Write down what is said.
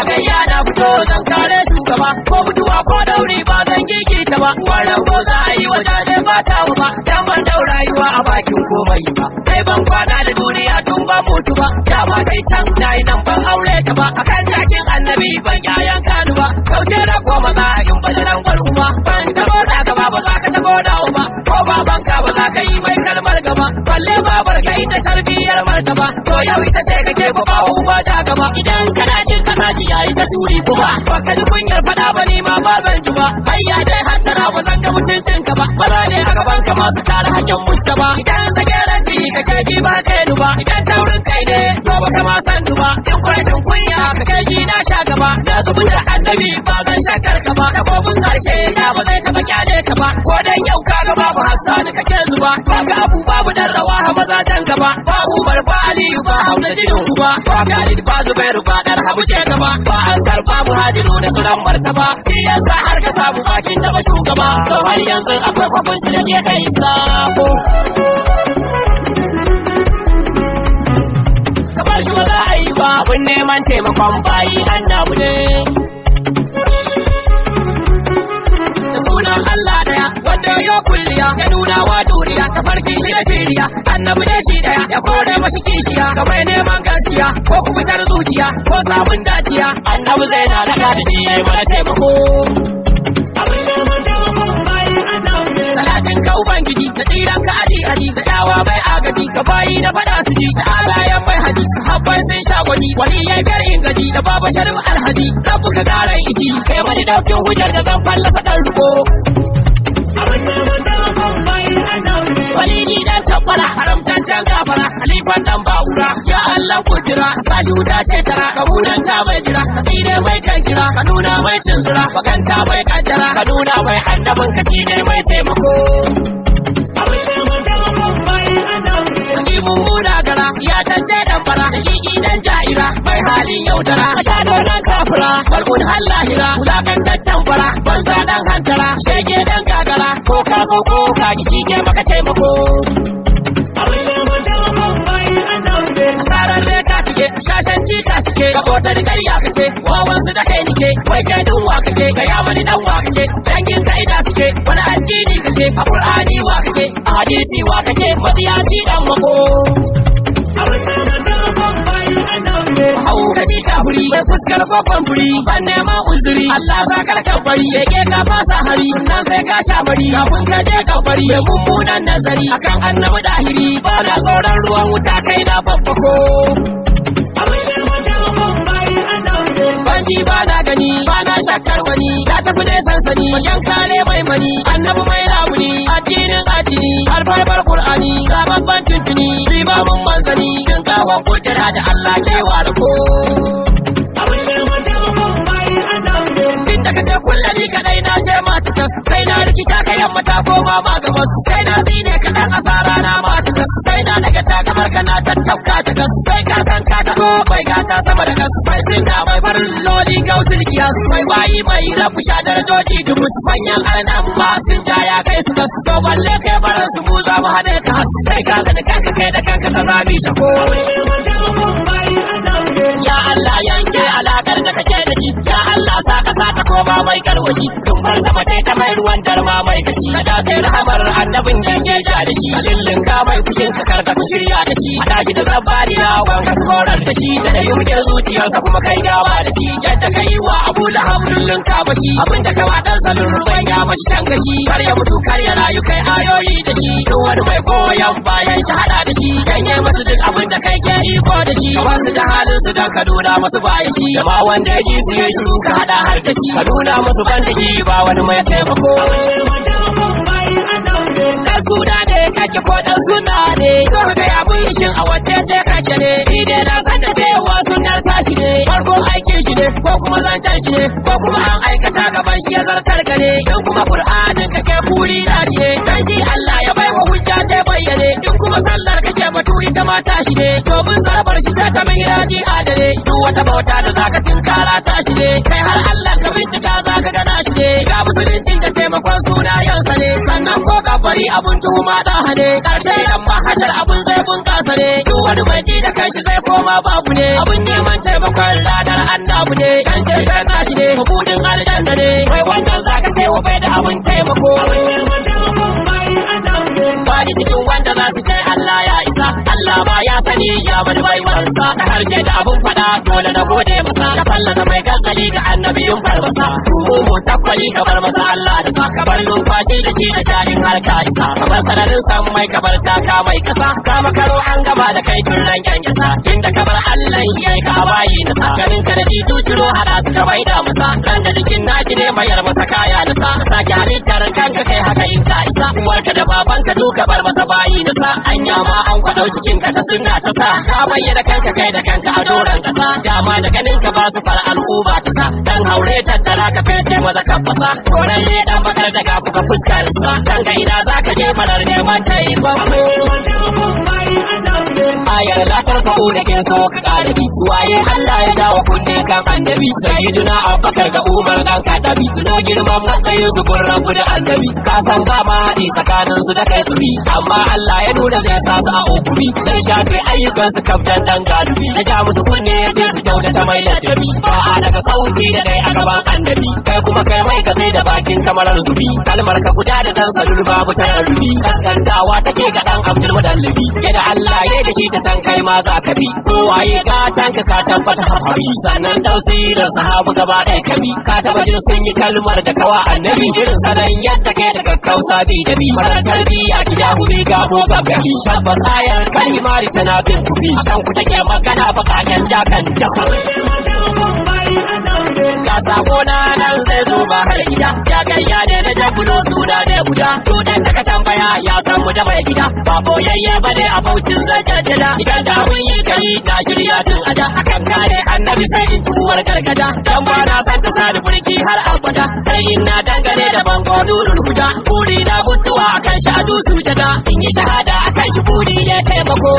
sakayya na fito zan kare shugaba ko mutuwa ko dauri ba zan gigita ba wannan ko za a yi wajaje ba ta ba dan ban dau rayuwa a bakin komai ba kai ban kwana da duniya tun ba mutu ba da ba kai can yi nan ban aure ta ba a kan jakin annabi ban yayan kanu ba kauce na ko maza in bajaran kwalkuma ban taɓo za ka ba ba za ka taɓo da ba ko babanka ba za ka yi mai kalmar gaba balle babar kai ita tarbiyyar martaba to yau ita ce kake ko ba uba ta gaba idan kana zaki yayi ta suri kuma ba ka ji kunyar fada ba ni ma ba zan ji ba hayya dai hatara ba zan ga mutuncin ka ba za ne a gaban ka masu tare hakin mutu ba idan zagaranci ka ce ki ba kai duba idan taurin kai ne so ba ka ma san duba in kunya ka ce na sha gaba na zubu da annabi ba zan shakar ka ba da kofin karshe na ba zai taba kyale ka ba ko dan yau ka gaba ba hasani kake zuba ba ka abu babu dan rawa maza yan gaba ba Umar ba Aliyu ba Hamza Jinu ba ba Khalid ba Zubairu ba Dar Habu ce gaba ba Ankar ba Muhajiru da Sulan shi yasa har ka samu bakin taba shugaba to har yanzu akwai kwafin su da ke kai sako. Kamar shi za a yi ba abin neman taimakon bayi annabu ne. ya nuna wa duniya ta farki shi da shiriya annabi da shi daya ya kore mashi kishiya ga neman gaskiya ko kubutar zuciya ko samun daciya annabi zai na da shi yayi mana taimako Salatin ka Ubangiji da tsiran ka aji aji da dawa mai agaji ka bayi na fada su ji da alayan mai haji sahabbai sun sha gwani wani yayi biyar ingaji da baba sharif alhaji rabu ka garan iki kai mani daukin hujjar da zan fallasa dan rubo. walidi dan tabbara haramtan can gafara halifan dan ba'ura ya Allah kudura sashi wuta ce tara ka budan ta mai jira ka tsire mai kan jira ka nuna mai cinzura baganta mai kaddara ka nuna mai annabin ka shi ne mai taimako mummuna gara ya tance dan fara hakiki dan jaira bai halin yaudara sha donan kafira balkun hallahira wulakantaccen fara sa dan hantara shege roƙo ka ji shi ke maka taimako. Sarar ka take, shashen ci ka take, kabotar karya kake, su da kai nike, wai kai duwa kake, gaya wani dan wa kake, dangin ka ina suke, wani addini kake, a Qur'ani wa kake, a hadisi wa kake, maziyaci dan mako. fuskar kofan buri ban nema uzuri Allah za ka ka bari shege ka fasa hari nan sai ka sha bari kafin ka je ka bari ya mummunan nazari akan annabi dahiri ba da tsoron ruwan wuta kai na babbako Banji ba na gani ba na shakkar wani ta tafi dai sansani wajen kare mai mani annabi mai labuni addinin addini har farfar qur'ani sababban tuntuni limamin manzani kin kawo kudura da Allah ke warko tas sai na rikita ka yamma ta koma ma gabas sai na zine ka dan asara na ma ta tas sai na daga ta kamar kana tattauka ta kas sai ka san ka ta mai sama da kas mai sinda mai farin loli gautul kiyas mai wayi mai rabu sha darajoji dubu fanyan arnan ma sun jaya kai su kas to balle kai baran su mu za mu hade ka sai ka ga da kai da kanka ta zami ya Allah yanke alakar da kake da shi ya Allah sa ka ta koma mai karwashi tun sama sai ta mai ruwan darma mai kashi ka da kai rahamar annabin yanke ja da shi lillin ka mai kushin ka karka ku shirya da shi a tashi da zabariya wanka korar da shi da da yumke zuciyarsa kuma kai gawa da shi yadda ka yi wa Abu Lahab lillin ka bashi abin da ka ba dan salun ruwan ya bashi shan gashi kar ya mutu kar ya rayu kai ayoyi da shi duk wani mai koyan bayan shahada da shi janye masu duk abin da kai ke iko da shi ka da halin su da ka ka nuna masu bayan shi da ma wanda ya ji su ya shiru ka hada har da shi ka nuna masu ban da shi ba wani mai taimako suna ne kake ko dan suna ne to ka ya mun shin a wace ce kake ne ni dai na san da wasu sunar tashi ne farko aikin shi ne ko kuma zancen shi ne ko kuma an aikata gaban shi ya zartar gare in kuma qur'anin kake kuri da shi ne dan shi Allah ya baiwa hujja dare in kuma sallar kake batu ita ma tashi ne mun zarbar shi ta ta mai a adale duk wata bauta da zaka tinkara tashi ne kai har Allah ka bincika zaka ga nashi ne ga musuluncin ka taimakon suna yansa ne sannan ko kabari abun tuhuma da hane karshe idan ma abun zai bunkasa ne duk wani mai ji da kanshi zai koma babu ne abun neman taimakon ladar annabu ne kan ka nashi ne mabudin aljanna ne wai wannan zaka ce wa bai da abun taimako abun cikin wanda za su ce Allah Is a Allah ya sani ya bar baiwarsa da harshe da abun fada dole na gode masa na da mai kasali ga annabiyun farfasa ko mu takwali bar masa Allah da sa bar numfashi da ji da shayin harka isa bar sararin samu mai kabar taka mai kasa ka makaro an gaba da kai tun ran kyankyasa inda kamar Allah shi ai ka bayi da sa ganin ka da tito jiro hada su ka da masa dan da jikin nashi ne mayar masa kaya da sa sa sake halittar kanka kai haka in ka isa uwarka da babanka duka bar masa bayi da sa anya ma an jikin ka ta suna ta sa ka bayyana kanka kai da kanka a doron kasa dama da ganin ka ba su fara al'uba ta sa dan haure tattara ka fice maza ka fasa da ne dan bakar daga kuka fuskar sa san ga ina zaka je marar neman taimakon a yarda farfado da kin so ka ƙara waye Allah ya dawo kunne kan annabi sayyiduna abakar da Umar dan Kadabi tuno girman matsayin su kun da annabi ka san ba ma hadi tsakanin su da kai tsuri amma Allah ya nuna zai sa su a ukuri sai shafe ayyukan su kaftan dan gadubi na ja musu kunne ya ce su ta mai ladabi ba a daga sauti da dai a gaban annabi kai kuma kai kamarar zubi kalmar ka guda da dan salul babu ta rubi kaskantawa take ga dan abdul madallabi ya da Allah ya da shi ta san kai ma za ka bi ko waye ka tanka ka tabbata hafabi sannan tausirin sahabu gaba ɗaya kabi ka taba jin sun yi kalmar da kawa annabi irin sanan yadda kai da kakkausa bi da bi marar a gida huri gabo gabari tabbas ayar kalmar tana bin kufi kan ku take magana bakaken jakan da ka sako na ya zuba har gida ya gayya ne da jagulo suna ne guda tudan da ka tambaya ya san mu da bai gida ba boyayye ba ne a bautin zancen da idan da mun yi kari na shirya tun ada akan kare annabi sai in tuwar gargada dan ba na san ta sani burki har abada sai in na dangane da bango nurul huda buri na mutuwa akan shahadu sujada in yi shahada akan shi buri ya taimako